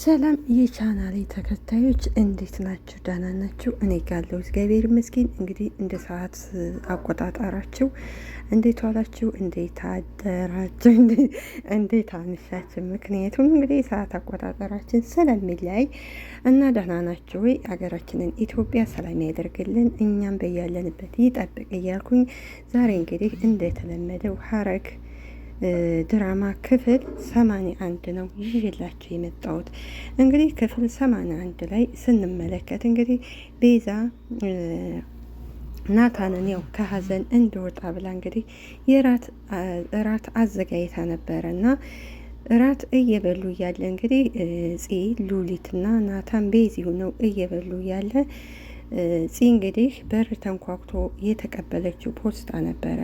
ሰላም የቻናሌ ተከታዮች እንዴት ናችሁ? ደህና ናችሁ? እኔ ጋለው እግዚአብሔር ይመስገን። እንግዲህ እንደ ሰዓት አቆጣጠራችሁ እንዴት ዋላችሁ? እንዴት አደራችሁ? እንዴት አመሻችሁ? ምክንያቱም እንግዲህ የሰዓት አቆጣጠራችን ስለሚለያይ እና ደህና ናችሁ ወይ? ሀገራችንን ኢትዮጵያ ሰላም ያደርግልን፣ እኛም በያለንበት ይጠብቅ እያልኩኝ ዛሬ እንግዲህ እንደተለመደው ሀረግ ድራማ ክፍል ሰማንያ አንድ ነው ይዤላችሁ የመጣሁት። እንግዲህ ክፍል ሰማንያ ላይ ስንመለከት እንግዲህ ቤዛ ናታንን ያው ከሀዘን እንዲወጣ ብላ እንግዲህ የራት እራት አዘጋጅታ ነበረ እና እራት እየበሉ እያለ እንግዲህ ፄ ሉሊትና ናታን ቤዚ ሆነው እየበሉ እያለ ጺ እንግዲህ በር ተንኳኩቶ የተቀበለችው ፖስታ ነበረ።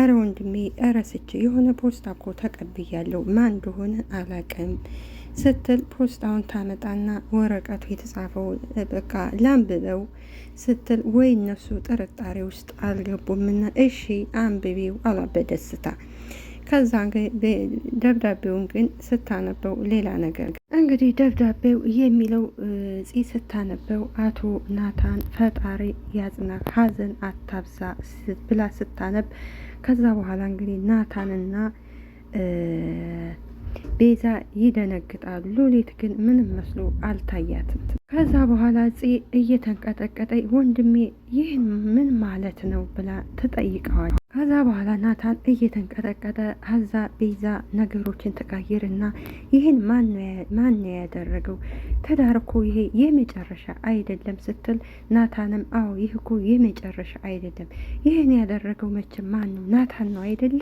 አረ ወንድሜ አረ ረስቼ የሆነ ፖስታ እኮ ተቀብያለሁ ማን እንደሆነ አላቅም ስትል ፖስታውን ታመጣና ወረቀቱ የተጻፈው በቃ ላንብበው ስትል ወይ እነሱ ጥርጣሬ ውስጥ አልገቡምና እሺ አንብቤው አላበደስታ ከዛ ደብዳቤውን ግን ስታነበው ሌላ ነገር እንግዲህ ደብዳቤው የሚለው ፂ ስታነበው አቶ ናታን ፈጣሪ ያጽና ሀዘን አታብዛ ብላ ስታነብ ከዛ በኋላ እንግዲህ ናታንና ቤዛ ይደነግጣሉ። ሉሊት ግን ምንም መስሎ አልታያትም። ከዛ በኋላ ፂ እየተንቀጠቀጠ ወንድሜ ይህን ምን ማለት ነው ብላ ትጠይቀዋል። ከዛ በኋላ ናታን እየተንቀጠቀጠ ከዛ ቤዛ ነገሮችን ተቃይርና ይህን ማን ነው ያደረገው? ትዳር እኮ ይሄ የመጨረሻ አይደለም ስትል ናታንም አዎ ይህ እኮ የመጨረሻ አይደለም፣ ይህን ያደረገው መቼም ማን ነው? ናታን ነው አይደለ?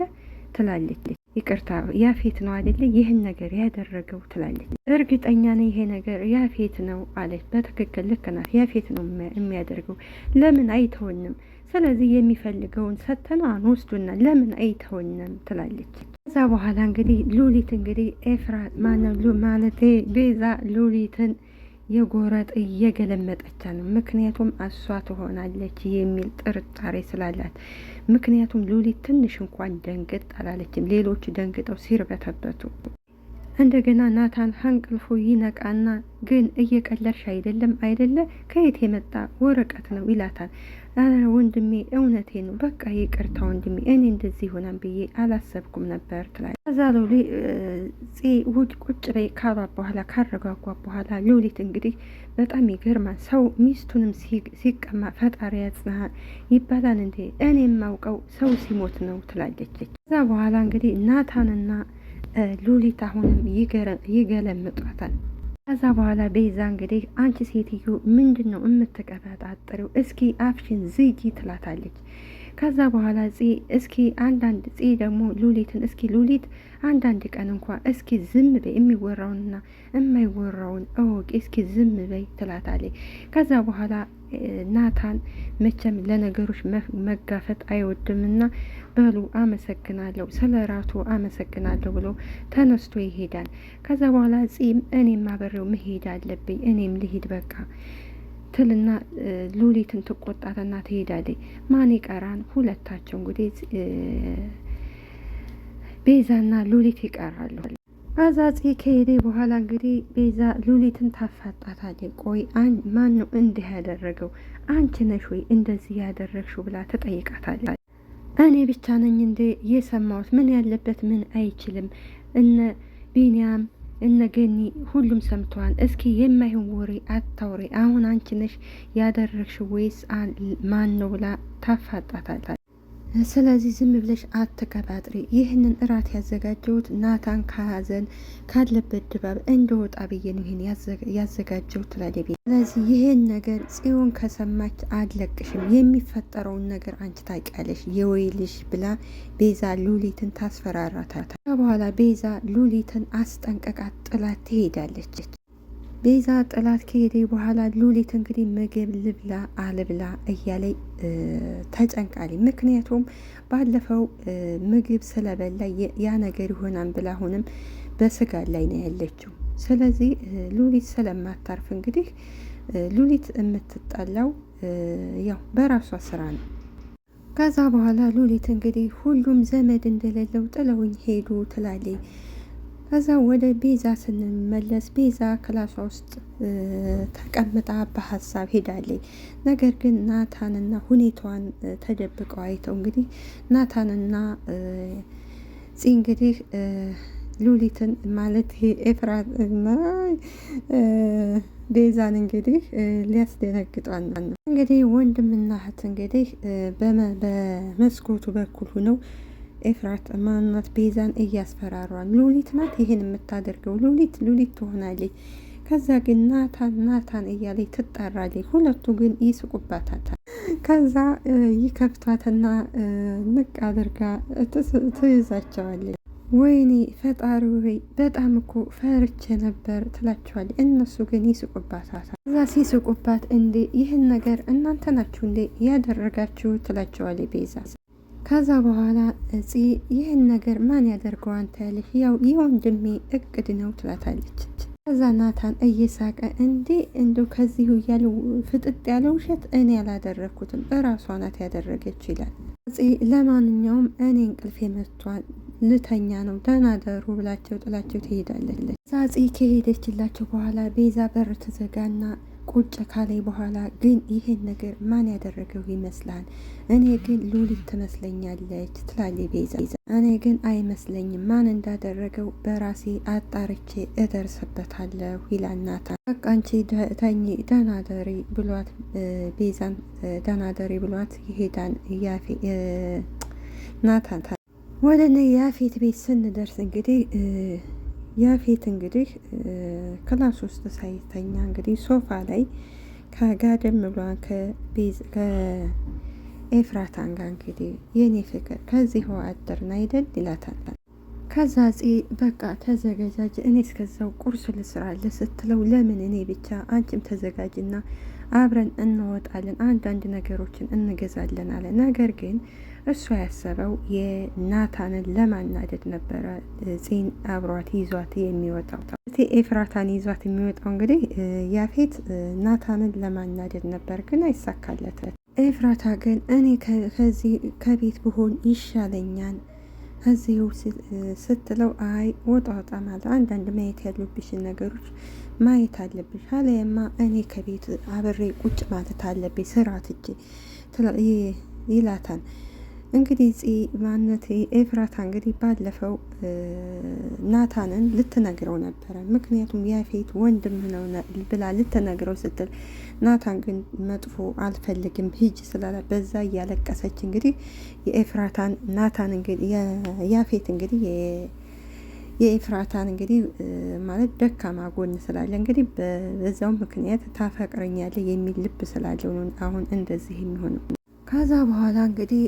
ትላለች። ይቅርታ ያፌት ነው አይደለ? ይህን ነገር ያደረገው ትላለች። እርግጠኛ ነኝ ይሄ ነገር ያፌት ነው አለች። በትክክል ልክ ናት፣ ያፌት ነው የሚያደርገው። ለምን አይተውንም ስለዚህ የሚፈልገውን ሰተን አንወስዱና ለምን አይተውንም ትላለች። ከዛ በኋላ እንግዲህ ሉሊት እንግዲህ ኤፍራ ማለት ቤዛ ሉሊትን የጎረጥ እየገለመጠቻ ነው። ምክንያቱም እሷ ትሆናለች የሚል ጥርጣሬ ስላላት፣ ምክንያቱም ሉሊት ትንሽ እንኳን ደንግጥ አላለችም። ሌሎቹ ደንግጠው ሲርበተበቱ እንደገና ናታን ከእንቅልፉ ይነቃና ግን እየቀለድሽ አይደለም አይደለ? ከየት የመጣ ወረቀት ነው ይላታል። አረ ወንድሜ እውነቴ ነው፣ በቃ ይቅርታ ወንድሜ፣ እኔ እንደዚህ ሆናን ብዬ አላሰብኩም ነበር ትላለች። ከዛ ሎሊ ውድ ቁጭ ላይ ካሏ በኋላ ካረጋጓ በኋላ ሎሊት እንግዲህ በጣም ይገርማል። ሰው ሚስቱንም ሲቀማ ፈጣሪ ያጽናሃ ይባላል እንዴ? እኔ የማውቀው ሰው ሲሞት ነው ትላለች። ከዛ በኋላ እንግዲህ ናታንና ሉሊት አሁንም ይገለምጧታል። ከዛ በኋላ ቤዛ እንግዲህ አንቺ ሴትዮ ምንድን ነው የምትቀበጣጥሪው? እስኪ አፍሽን ዝጊ ትላታለች። ከዛ በኋላ ፂ እስኪ አንዳንድ ፂ ደግሞ ሉሊትን እስኪ ሉሊት አንዳንድ ቀን እንኳ እስኪ ዝም በይ የሚወራውንና የማይወራውን እወቂ እስኪ ዝም በይ ትላታለች። ከዛ በኋላ ናታን መቼም ለነገሮች መጋፈጥ አይወድምና በሉ አመሰግናለሁ፣ ስለ ራቱ አመሰግናለሁ ብሎ ተነስቶ ይሄዳል። ከዛ በኋላ ፂም እኔም አበሬው መሄድ አለብኝ እኔም ልሂድ በቃ ትልና ሉሊትን ትቆጣትና ትሄዳለች። ማን ይቀራን? ሁለታቸው እንግዲህ ቤዛና ሉሊት ይቀራሉ። አዛጺ ከሄደ በኋላ እንግዲህ ቤዛ ሉሊትን ታፋጣታለች። ቆይ ማን ነው እንዲህ ያደረገው? አንቺ ነሽ ወይ እንደዚህ ያደረግሽው? ብላ ትጠይቃታለች። እኔ ብቻ ነኝ እንዴ የሰማሁት? ምን ያለበት ምን አይችልም እነ ቢንያም እነገኒ ሁሉም ሰምተዋል። እስኪ የማይሆን ወሬ አታውሪ። አሁን አንቺ ነሽ ያደረግሽ ወይስ ማን ነው ብላ ታፋጣታለች። ስለዚህ ዝም ብለሽ አትቀባጥሪ። ይህንን እራት ያዘጋጀሁት ናታን ከሀዘን ካለበት ድባብ እንደወጣ ብዬ ይህን ያዘጋጀሁት ትላለች። ስለዚህ ይህን ነገር ጽዮን ከሰማች አለቅሽም የሚፈጠረውን ነገር አንቺ ታውቂያለሽ፣ የወይልሽ ብላ ቤዛ ሉሊትን ታስፈራራታታ። በኋላ ቤዛ ሉሊትን አስጠንቀቃት፣ ጥላት ትሄዳለች። ቤዛ ጥላት ከሄደ በኋላ ሉሊት እንግዲህ ምግብ ልብላ አልብላ እያለ ተጨንቃሊ። ምክንያቱም ባለፈው ምግብ ስለበላ ያ ነገር ይሆናን ብላ አሁንም በስጋት ላይ ነው ያለችው። ስለዚህ ሉሊት ስለማታርፍ እንግዲህ ሉሊት የምትጠላው ያው በራሷ ስራ ነው። ከዛ በኋላ ሉሊት እንግዲህ ሁሉም ዘመድ እንደሌለው ጥለውኝ ሄዱ ትላለች። ከዛ ወደ ቤዛ ስንመለስ ቤዛ ክላሷ ውስጥ ተቀምጣ በሀሳብ ሄዳለች። ነገር ግን ናታንና ሁኔታዋን ተደብቀው አይተው እንግዲህ ናታንና ፂ እንግዲህ ሉሊትን ማለት ኤፍራት ቤዛን እንግዲህ ሊያስደነግጧል ነው እንግዲህ ወንድምና እህት እንግዲህ በመስኮቱ በኩል ሁነው ኤፍራት ማናት ቤዛን እያስፈራሯል። ሉሊት ናት ይህን የምታደርገው ሉሊት ሉሊት ትሆናለች። ከዛ ግን ናታን ናታን እያለ ትጣራለች። ሁለቱ ግን ይስቁባታታል። ከዛ ይከፍቷትና ንቅ አድርጋ ትይዛቸዋለች። ወይኔ ፈጣሪ ወይ በጣም እኮ ፈርቼ ነበር ትላቸዋል እነሱ ግን ይስቁባታታል። እዛ ሲስቁባት እንዴ ይህን ነገር እናንተ ናችሁ እንዴ ያደረጋችሁ ትላቸዋል ቤዛ ከዛ በኋላ እፂ ይህን ነገር ማን ያደርገዋን ታያለሽ፣ ያው የወንድሜ እቅድ ነው ትላታለች። ከዛ ናታን እየሳቀ እንዴ እንዶ ከዚሁ እያለ ፍጥጥ ያለ ውሸት እኔ ያላደረግኩትም እራሷ ናት ያደረገች ይላል። እፂ ለማንኛውም እኔ እንቅልፌ መጥቷል ልተኛ ነው ተናደሩ ብላቸው ጥላቸው ትሄዳለች። እዛ እፂ ከሄደችላቸው በኋላ ቤዛ በር ትዘጋና ቁጭ ካላይ በኋላ ግን ይህን ነገር ማን ያደረገው ይመስላል? እኔ ግን ሉሊት ትመስለኛለች ትላል ቤዛ። እኔ ግን አይመስለኝም፣ ማን እንዳደረገው በራሴ አጣርቼ እደርስበታለሁ ይላል ናታን። በቃ አንቺ ተኝ ደናደሪ ብሏት ቤዛን ደናደሪ ብሏት ይሄዳን ያፌ ናታን ወደ ያፌት ቤት ስንደርስ እንግዲህ ያፌት እንግዲህ ክላስ ውስጥ ሳይተኛ እንግዲህ ሶፋ ላይ ከጋደም ብሏን ከኤፍራታን ጋር እንግዲህ የኔ ፍቅር ከዚህ አደርን አይደል ይላታል። ከዛ ፄ በቃ ተዘጋጃጅ፣ እኔ እስከዛው ቁርስ ልስራለ ስትለው ለምን እኔ ብቻ አንቺም ተዘጋጅና አብረን እንወጣለን፣ አንዳንድ ነገሮችን እንገዛለን አለ። ነገር ግን እሱ ያሰበው የናታንን ለማናደድ ነበረ። ፄን አብሯት ይዟት የሚወጣው ኤፍራታን ይዟት የሚወጣው እንግዲህ ያፌት ናታንን ለማናደድ ነበር፣ ግን አይሳካለትም። ኤፍራታ ግን እኔ ከዚህ ከቤት ብሆን ይሻለኛል እዚው ስትለው አይ ወጣ ወጣ ማለት አንዳንድ ማየት ያሉብሽን ነገሮች ማየት አለብሽ። አለያማ እኔ ከቤት አብሬ ቁጭ ማለት አለብኝ ስራ ትቼ ይላታል። እንግዲህ ጽ ማነት ኤፍራታ እንግዲህ ባለፈው ናታንን ልትነግረው ነበረ። ምክንያቱም ያፌት ወንድም ነው ብላ ልትነግረው ስትል ናታን ግን መጥፎ አልፈልግም ሂጅ ስላለ በዛ እያለቀሰች እንግዲህ የኤፍራታን ናታን እንግዲህ ያፌት እንግዲህ የኤፍራታን እንግዲህ ማለት ደካማ ጎን ስላለ እንግዲህ በዛው ምክንያት ታፈቅረኛለ የሚል ልብ ስላለው አሁን እንደዚህ የሚሆነው። ከዛ በኋላ እንግዲህ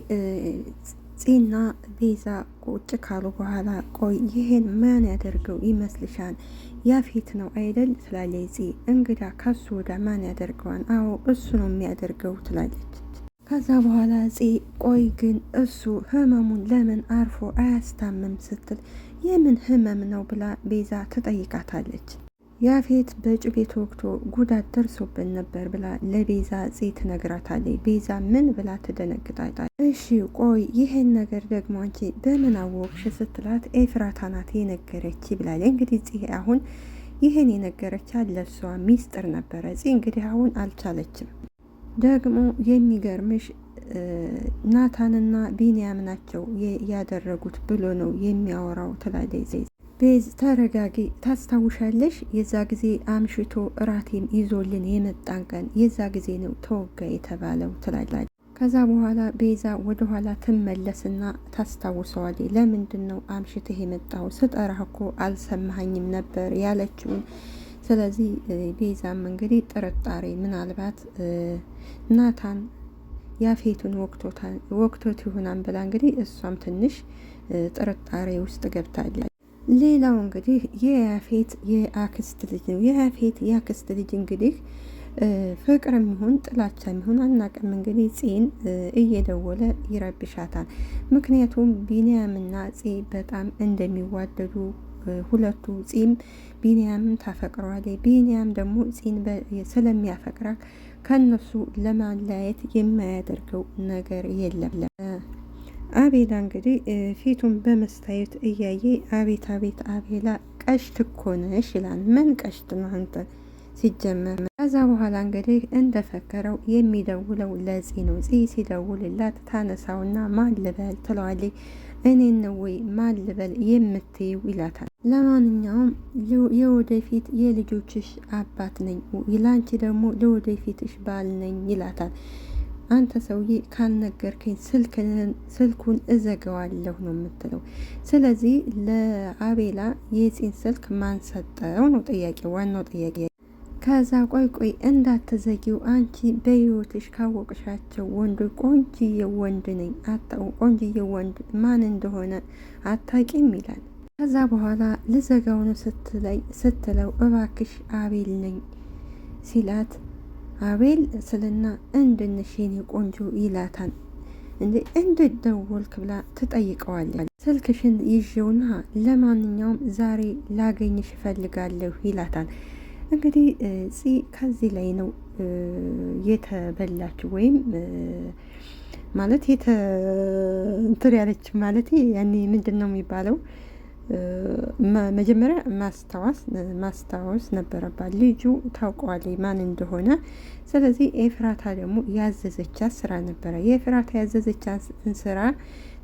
ፂና ቤዛ ቁጭ ካሉ በኋላ ቆይ ይሄን ማን ያደርገው ይመስልሻል? ያፌት ነው አይደል ትላለች እንግዳ ከሱ ወደ ማን ያደርገዋን? አዎ እሱ ነው የሚያደርገው ትላለች። ከዛ በኋላ ፂ ቆይ ግን እሱ ህመሙን ለምን አርፎ አያስታምም ስትል የምን ህመም ነው ብላ ቤዛ ትጠይቃታለች። ያፌት በጩቤ ተወግቶ ጉዳት ደርሶብን ነበር ብላ ለቤዛ ፄ ትነግራታለች። ቤዛ ምን ብላ ትደነግጣለች። እሺ ቆይ ይህን ነገር ደግሞ አንቺ በምን አወቅሽ ስትላት ኤፍራታ ናት የነገረች ብላለች። እንግዲህ ፄ አሁን ይህን የነገረች ለሷ ሚስጥር ነበረ። ጽ እንግዲህ አሁን አልቻለችም። ደግሞ የሚገርምሽ ናታንና ቢንያም ናቸው ያደረጉት ብሎ ነው የሚያወራው ትላለች። ቤዝ ተረጋጊ፣ ታስታውሻለሽ? የዛ ጊዜ አምሽቶ እራቴን ይዞልን የመጣን ቀን የዛ ጊዜ ነው ተወጋ የተባለው ትላላለች። ከዛ በኋላ ቤዛ ወደ ኋላ ትመለስና ታስታውሰዋል። ለምንድን ነው አምሽትህ የመጣው? ስጠራህ እኮ አልሰማኸኝም ነበር ያለችውን ስለዚህ ቤዛም እንግዲህ ጥርጣሬ ምናልባት ናታን ያፌቱን ወቅቶት ይሆናል ብላ እንግዲህ እሷም ትንሽ ጥርጣሬ ውስጥ ገብታለች። ሌላው እንግዲህ የያፌት የአክስት ልጅ ነው። የያፌት የአክስት ልጅ እንግዲህ ፍቅር የሚሆን ጥላቻ የሚሆን አናቅም። እንግዲህ ጽን እየደወለ ይረብሻታል። ምክንያቱም ቢንያምና ጽ በጣም እንደሚዋደዱ ሁለቱ ፂም ቢንያምን ታፈቅረዋለች፣ ቢንያም ደግሞ ፂን ስለሚያፈቅራ ከነሱ ለማለያየት የማያደርገው ነገር የለም። አቤላ እንግዲህ ፊቱን በመስታየት እያየ አቤት አቤት አቤላ ቀሽት እኮ ነሽ ይላል። ምን ቀሽት ነው አንተ ሲጀመር? ከዛ በኋላ እንግዲህ እንደፈከረው የሚደውለው ለፂ ነው። ፂ ሲደውልላት ታነሳውና ማልበል ልበል ትለዋለች። እኔን ነው ወይ ማን የምትይው ይላታል። ለማንኛውም የወደፊት የልጆችሽ አባት ነኝ፣ ላንቺ ደግሞ ለወደፊትሽ ባል ነኝ ይላታል። አንተ ሰውዬ ካልነገርከኝ ስልኩን እዘጋዋለሁ ነው የምትለው። ስለዚህ ለአቤላ የፂን ስልክ ማን ሰጠው ነው ጥያቄ፣ ዋናው ጥያቄ። ከዛ ቆይ ቆይ እንዳትዘጊው አንቺ በህይወትሽ ካወቅሻቸው ወንድ ቆንጅዬ ወንድ ነኝ አታው ቆንጅዬ ወንድ ማን እንደሆነ አታቂም ይላል። ከዛ በኋላ ልዘጋውን ስትለው እባክሽ አቤል ነኝ ሲላት አቤል ስልና እንድንሽኔ ቆንጆ ይላታል። እንዴ እንዴት ደወልክ ብላ ትጠይቀዋለች። ስልክሽን ይዤውና ለማንኛውም ዛሬ ላገኝሽ እፈልጋለሁ ይላታል። እንግዲህ ፂ ከዚህ ላይ ነው የተበላች ወይም ማለት እንትን ያለች ማለት ያኔ ምንድን ነው የሚባለው መጀመሪያ ማስታወስ ማስታወስ ነበረባት። ልጁ ታውቀዋል ማን እንደሆነ። ስለዚህ ኤፍራታ ደግሞ ያዘዘቻት ስራ ነበረ። የኤፍራታ ያዘዘቻትን ስራ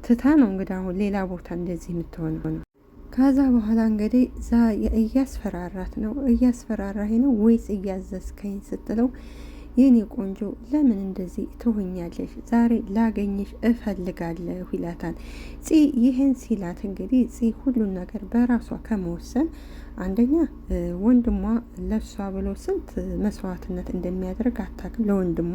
ትታ ነው እንግዲህ አሁን ሌላ ቦታ እንደዚህ የምትሆነው ነው። ከዛ በኋላ እንግዲህ ዛ እያስፈራራት ነው እያስፈራራኝ ነው ወይስ እያዘዝከኝ ስትለው የኔ ቆንጆ ለምን እንደዚህ ትሆኛለሽ? ዛሬ ላገኝሽ እፈልጋለሁ ይላታል። ፂ ይህን ሲላት እንግዲህ ፂ ሁሉን ነገር በራሷ ከመወሰን አንደኛ ወንድሟ ለሷ ብሎ ስንት መስዋዕትነት እንደሚያደርግ አታውቅም። ለወንድሟ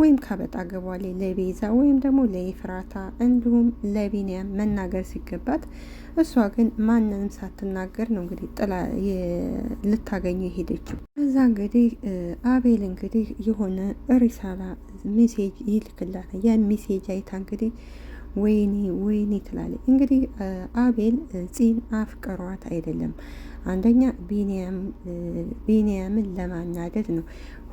ወይም ካበጣ ገቧ ላይ ለቤዛ ወይም ደግሞ ለይፍራታ እንዲሁም ለቢንያም መናገር ሲገባት እሷ ግን ማንንም ሳትናገር ነው እንግዲህ ጥላ ልታገኙ የሄደችው። እዛ እንግዲህ አቤል እንግዲህ የሆነ ሪሳላ ሜሴጅ ይልክላት ያ ሜሴጅ አይታ እንግዲህ ወይኔ ወይኔ ትላለች። እንግዲህ አቤል ጺን አፍቅሯት አይደለም አንደኛ ቢንያምን ለማናደድ ነው።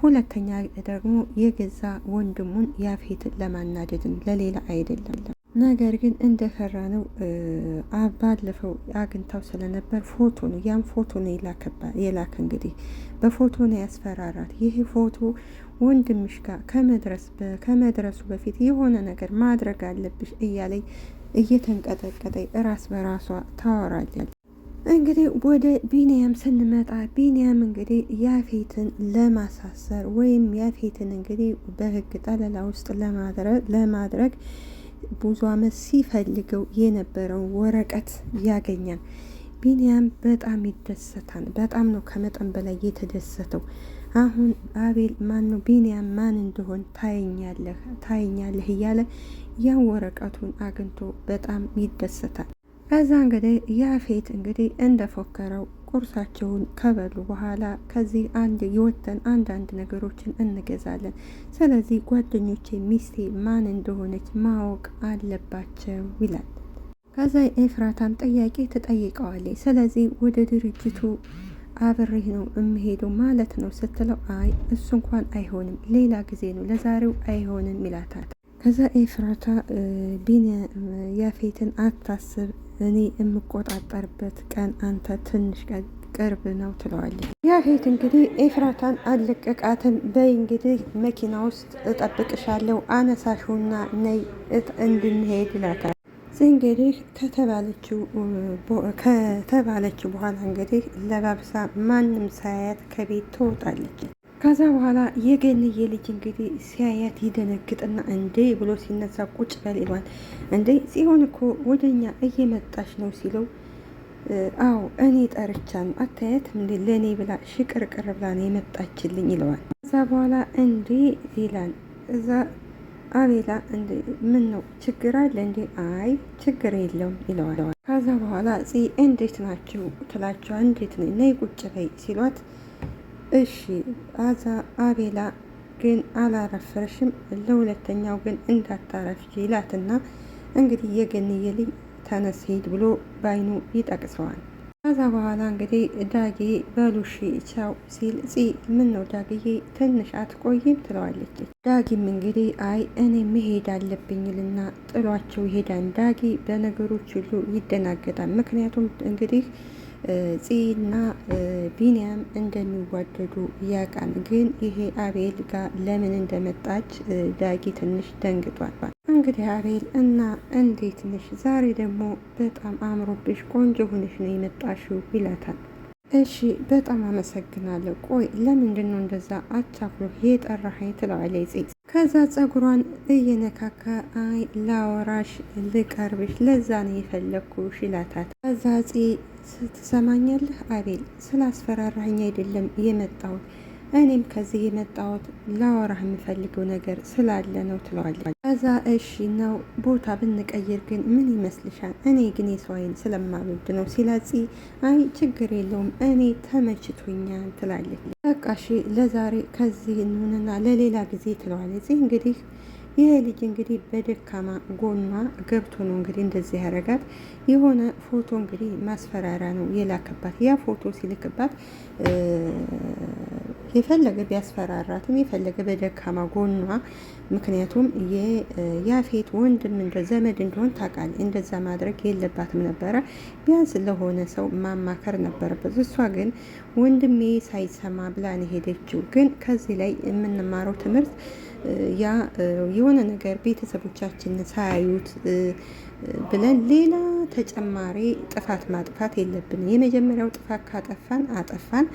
ሁለተኛ ደግሞ የገዛ ወንድሙን ያፌትን ለማናደድ ነው፣ ለሌላ አይደለም። ነገር ግን እንደፈራ ነው። ባለፈው አግኝታው ስለነበር ፎቶ ነው፣ ያም ፎቶ ነው የላከ። እንግዲህ በፎቶ ነው ያስፈራራት። ይህ ፎቶ ወንድምሽ ጋር ከመድረሱ በፊት የሆነ ነገር ማድረግ አለብሽ እያለኝ እየተንቀጠቀጠ ራስ በራሷ ታወራለች። እንግዲህ ወደ ቢንያም ስንመጣ ቢንያም እንግዲህ ያፌትን ለማሳሰር ወይም ያፌትን እንግዲህ በህግ ጠለላ ውስጥ ለማድረግ ብዙ አመት ሲፈልገው የነበረውን ወረቀት ያገኛል። ቢንያም በጣም ይደሰታል። በጣም ነው ከመጠን በላይ የተደሰተው። አሁን አቤል ማን ነው ቢንያም ማን እንደሆን ታየኛለህ ታየኛለህ እያለ ያን ወረቀቱን አግኝቶ በጣም ይደሰታል። ከዛ እንግዲህ ያፌት እንግዲህ እንደፎከረው ቁርሳቸውን ከበሉ በኋላ ከዚህ አንድ የወተን አንዳንድ ነገሮችን እንገዛለን። ስለዚህ ጓደኞቼ ሚስቴ ማን እንደሆነች ማወቅ አለባቸው ይላል። ከዛ ኤፍራታም ጥያቄ ትጠይቀዋለች። ስለዚህ ወደ ድርጅቱ አብሬህ ነው የምሄደው ማለት ነው ስትለው፣ አይ እሱ እንኳን አይሆንም ሌላ ጊዜ ነው ለዛሬው አይሆንም ይላታል። ከዛ ኤፍራታ ቢን ያፌትን አታስብ እኔ የምቆጣጠርበት ቀን አንተ ትንሽ ቀን ቅርብ ነው ትለዋለች። ያፌት እንግዲህ ኤፍራታን አለቀቃትም። በይ እንግዲህ መኪና ውስጥ እጠብቅሻለሁ አነሳሹና ነይ እንድንሄድ ይላታል። እዚህ እንግዲህ ከተባለችው በኋላ እንግዲህ ለባብሳ ማንም ሳያት ከቤት ትወጣለች። ከዛ በኋላ የገንዬ ልጅ እንግዲህ ሲያያት ይደነግጥና እንዴ ብሎ ሲነሳ ቁጭ በል ይሏል። እንዴ ሲሆን እኮ ወደኛ እየመጣሽ ነው ሲለው አዎ እኔ ጠርቻ ነው አታያት እንዴ ለእኔ ብላ ሽቅርቅር ብላ ነው የመጣችልኝ ይለዋል። ከዛ በኋላ እንዴ ይላል እዛ አቤላ እንዴ ምን ነው ችግር አለ እንዴ? አይ ችግር የለውም ይለዋል። ከዛ በኋላ ጽ እንዴት ናችሁ ትላቸዋ እንዴት ነ ነይ ቁጭ በይ ሲሏት እሺ አዛ አቤላ ግን አላረፈርሽም፣ ለሁለተኛው ግን እንዳታረፍች ይላትና እንግዲህ የገንዬ ልጅ ተነስ ሂድ ብሎ ባይኑ ይጠቅሰዋል። ከዛ በኋላ እንግዲህ ዳጌ በሉሺ ቻው ሲል ፂ ምን ነው ዳግዬ ትንሽ አትቆይም ትለዋለች። ዳጊም እንግዲህ አይ እኔ መሄድ ልና ጥሏቸው ይሄዳን። ዳጊ በነገሮች ሁሉ ይደናገጣል። ምክንያቱም እንግዲህ ጽና ቢንያም እንደሚዋደዱ ያውቃል። ግን ይሄ አቤል ጋር ለምን እንደመጣች ዳጊ ትንሽ ደንግጧል። እንግዲህ አቤል እና እንዴት ነሽ? ዛሬ ደግሞ በጣም አምሮብሽ ቆንጆ ሆነሽ ነው የመጣሽው ይላታል። እሺ በጣም አመሰግናለሁ። ቆይ ለምንድን ነው እንደዛ አቻኩሎ የጠራኸኝ? ትለዋለች ጽ ከዛ ጸጉሯን እየነካካ አይ ላወራሽ ልቀርብሽ ለዛ ነው የፈለግኩሽ ይላታል። ከዛ ጽ ስትሰማኛለህ አቤል፣ ስላስፈራራኸኝ አይደለም የመጣሁት። እኔም ከዚህ የመጣሁት ላወራህ የምፈልገው ነገር ስላለ ነው ትለዋለች። ከዛ እሺ ነው ቦታ ብንቀይር ግን ምን ይመስልሻል? እኔ ግን የሰዋይን ስለማልወድ ነው ሲላጺ፣ አይ ችግር የለውም እኔ ተመችቶኛል ትላለች። በቃ እሺ ለዛሬ ከዚህ እንሆንና ለሌላ ጊዜ ትለዋለች። እንግዲህ ይህ ልጅ እንግዲህ በደካማ ጎኗ ገብቶ ነው እንግዲህ እንደዚህ ያደረጋት። የሆነ ፎቶ እንግዲህ ማስፈራሪያ ነው የላከባት። ያ ፎቶ ሲልክባት የፈለገ ቢያስፈራራትም የፈለገ በደካማ ጎኗ ምክንያቱም የያፌት ወንድም እንደ ዘመድ እንደሆን ታውቃል። እንደዛ ማድረግ የለባትም ነበረ። ቢያንስ ለሆነ ሰው ማማከር ነበረበት። እሷ ግን ወንድሜ ሳይሰማ ብላን ሄደችው። ግን ከዚህ ላይ የምንማረው ትምህርት ያ የሆነ ነገር ቤተሰቦቻችን ሳያዩት ብለን ሌላ ተጨማሪ ጥፋት ማጥፋት የለብንም። የመጀመሪያው ጥፋት ካጠፋን አጠፋን፣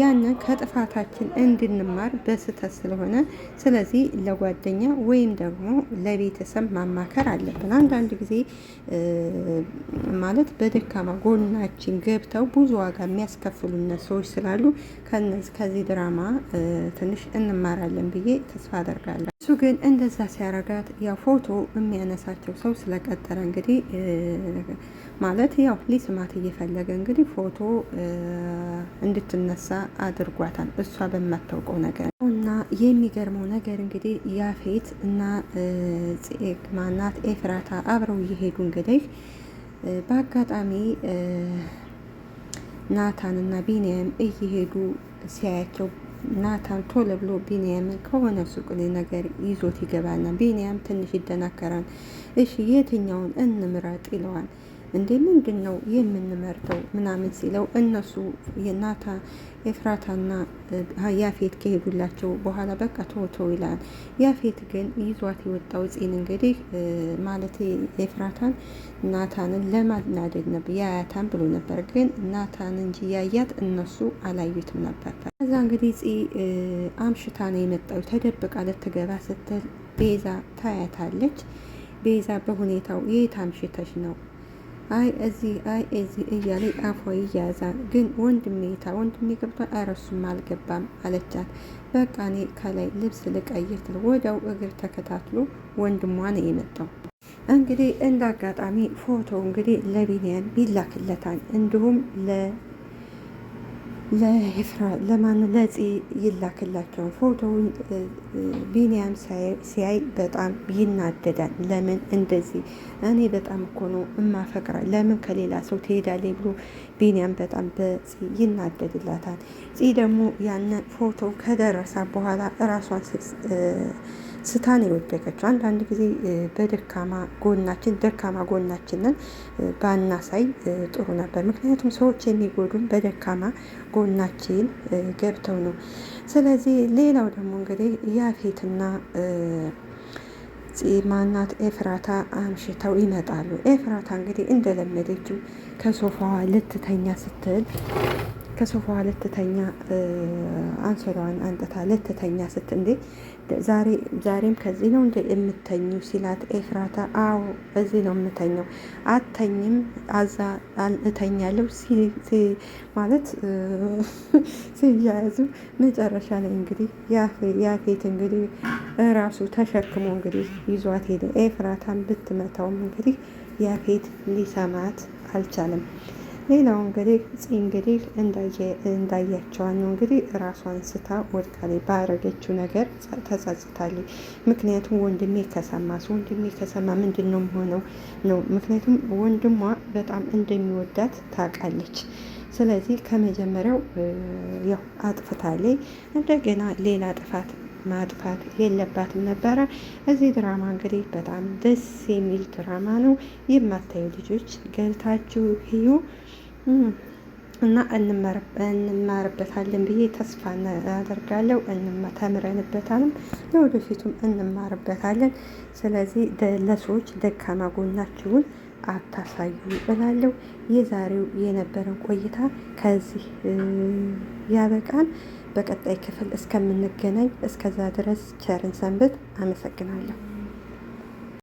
ያንን ከጥፋታችን እንድንማር በስህተት ስለሆነ፣ ስለዚህ ለጓደኛ ወይም ደግሞ ለቤተሰብ ማማከር አለብን። አንዳንድ ጊዜ ማለት በደካማ ጎናችን ገብተው ብዙ ዋጋ የሚያስከፍሉን ሰዎች ስላሉ ከዚህ ድራማ ትንሽ እንማራለን ብዬ ተስፋ አደርጋለሁ። እሱ ግን እንደዛ ሲያረጋት ያው ፎቶ የሚያነሳቸው ሰው ስለቀጠረ እንግዲህ ማለት ያው ሊስማት እየፈለገ እንግዲህ ፎቶ እንድትነሳ አድርጓታል። እሷ በማታውቀው ነገር እና የሚገርመው ነገር እንግዲህ ያፌት እና ማናት ኤፍራታ አብረው እየሄዱ እንግዲህ በአጋጣሚ ናታን እና ቢንያም እየሄዱ ሲያያቸው ናታን ቶሎ ብሎ ቢንያምን ከሆነ ሱቅ ነገር ይዞት ይገባልና ቢንያም ትንሽ ይደናከራል። እሺ የትኛውን እንምረጥ ይለዋል። እንዴ ምንድን ነው የምንመርጠው ምናምን ሲለው እነሱ የናታ ኤፍራታና ያፌት ከሄዱላቸው በኋላ በቃ ተወተው ይላል። ያፌት ግን ይዟት የወጣው ፂን እንግዲህ ማለት ኤፍራታን ናታንን ለማናደድ ነበር ያያታን ብሎ ነበር። ግን ናታን እንጂ ያያት እነሱ አላዩትም ነበር። ከዛ እንግዲህ ፂ አምሽታ ነው የመጣው ተደብቃ ልትገባ ስትል ቤዛ ታያታለች። ቤዛ በሁኔታው የት አምሽተሽ ነው አይ እዚህ አይ እዚህ እያለ አፏ ይያዛል። ግን ወንድሜ ታ ወንድሜ ገብቷል። ኧረ አልገባም አለቻት። በቃ እኔ ከላይ ልብስ ልቀይር ትል ወዲያው እግር ተከታትሎ ወንድሟ ነው የመጣው። እንግዲህ እንደ አጋጣሚ ፎቶ እንግዲህ ለቢንያም ይላክለታል እንዲሁም ለ ለማን ለጽ ይላክላቸው ፎቶውን ቢኒያም ሲያይ በጣም ይናደዳል። ለምን እንደዚህ እኔ በጣም እኮ ነው እማፈቅራ ለምን ከሌላ ሰው ትሄዳለች ብሎ ቢኒያም በጣም በጽ ይናደድላታል። ጽ ደግሞ ያንን ፎቶ ከደረሳ በኋላ እራሷን ስታን የወደቀችው። አንዳንድ ጊዜ በደካማ ጎናችን ደካማ ጎናችንን ባናሳይ ጥሩ ነበር። ምክንያቱም ሰዎች የሚጎዱን በደካማ ጎናችን ገብተው ነው። ስለዚህ ሌላው ደግሞ እንግዲህ ያፌትና ማናት ኤፍራታ አምሽተው ይመጣሉ። ኤፍራታ እንግዲህ እንደለመደችው ከሶፋዋ ልትተኛ ስትል ከሶፋዋ ልትተኛ አንሶላዋን አንጥታ ልትተኛ ስትል እንዴ ዛሬ ዛሬም ከዚህ ነው እንደ የምተኙ ሲላት ኤፍራታ አዎ እዚህ ነው የምተኘው፣ አተኝም አዛ እተኛለሁ ማለት ሲያያዙ መጨረሻ ላይ እንግዲህ ያፌት እንግዲህ ራሱ ተሸክሞ እንግዲህ ይዟት ሄደ። ኤፍራታን ብትመታውም እንግዲህ ያፌት ሊሰማት አልቻለም። ሌላው እንግዲህ ጽይ እንግዲህ እንዳያቸዋን ነው እንግዲህ እራሷን ስታ ወድቃለች። ባረገችው ነገር ተጸጽታለች። ምክንያቱም ወንድሜ ከሰማ ወንድሜ ከሰማ ምንድን ነው የሆነው ነው። ምክንያቱም ወንድሟ በጣም እንደሚወዳት ታውቃለች። ስለዚህ ከመጀመሪያው ያው አጥፍታለች። እንደገና ሌላ ጥፋት ማጥፋት የለባትም ነበረ። እዚህ ድራማ እንግዲህ በጣም ደስ የሚል ድራማ ነው። የማታዩ ልጆች ገብታችሁ ሂዩ። እና እንማርበታለን ብዬ ተስፋ አደርጋለሁ። ተምረንበታልም ለወደፊቱም እንማርበታለን። ስለዚህ ለሰዎች ደካማ ጎናችሁን አታሳዩ እላለሁ። የዛሬው የነበረን ቆይታ ከዚህ ያበቃል። በቀጣይ ክፍል እስከምንገናኝ እስከዛ ድረስ ቸርን ሰንብት። አመሰግናለሁ።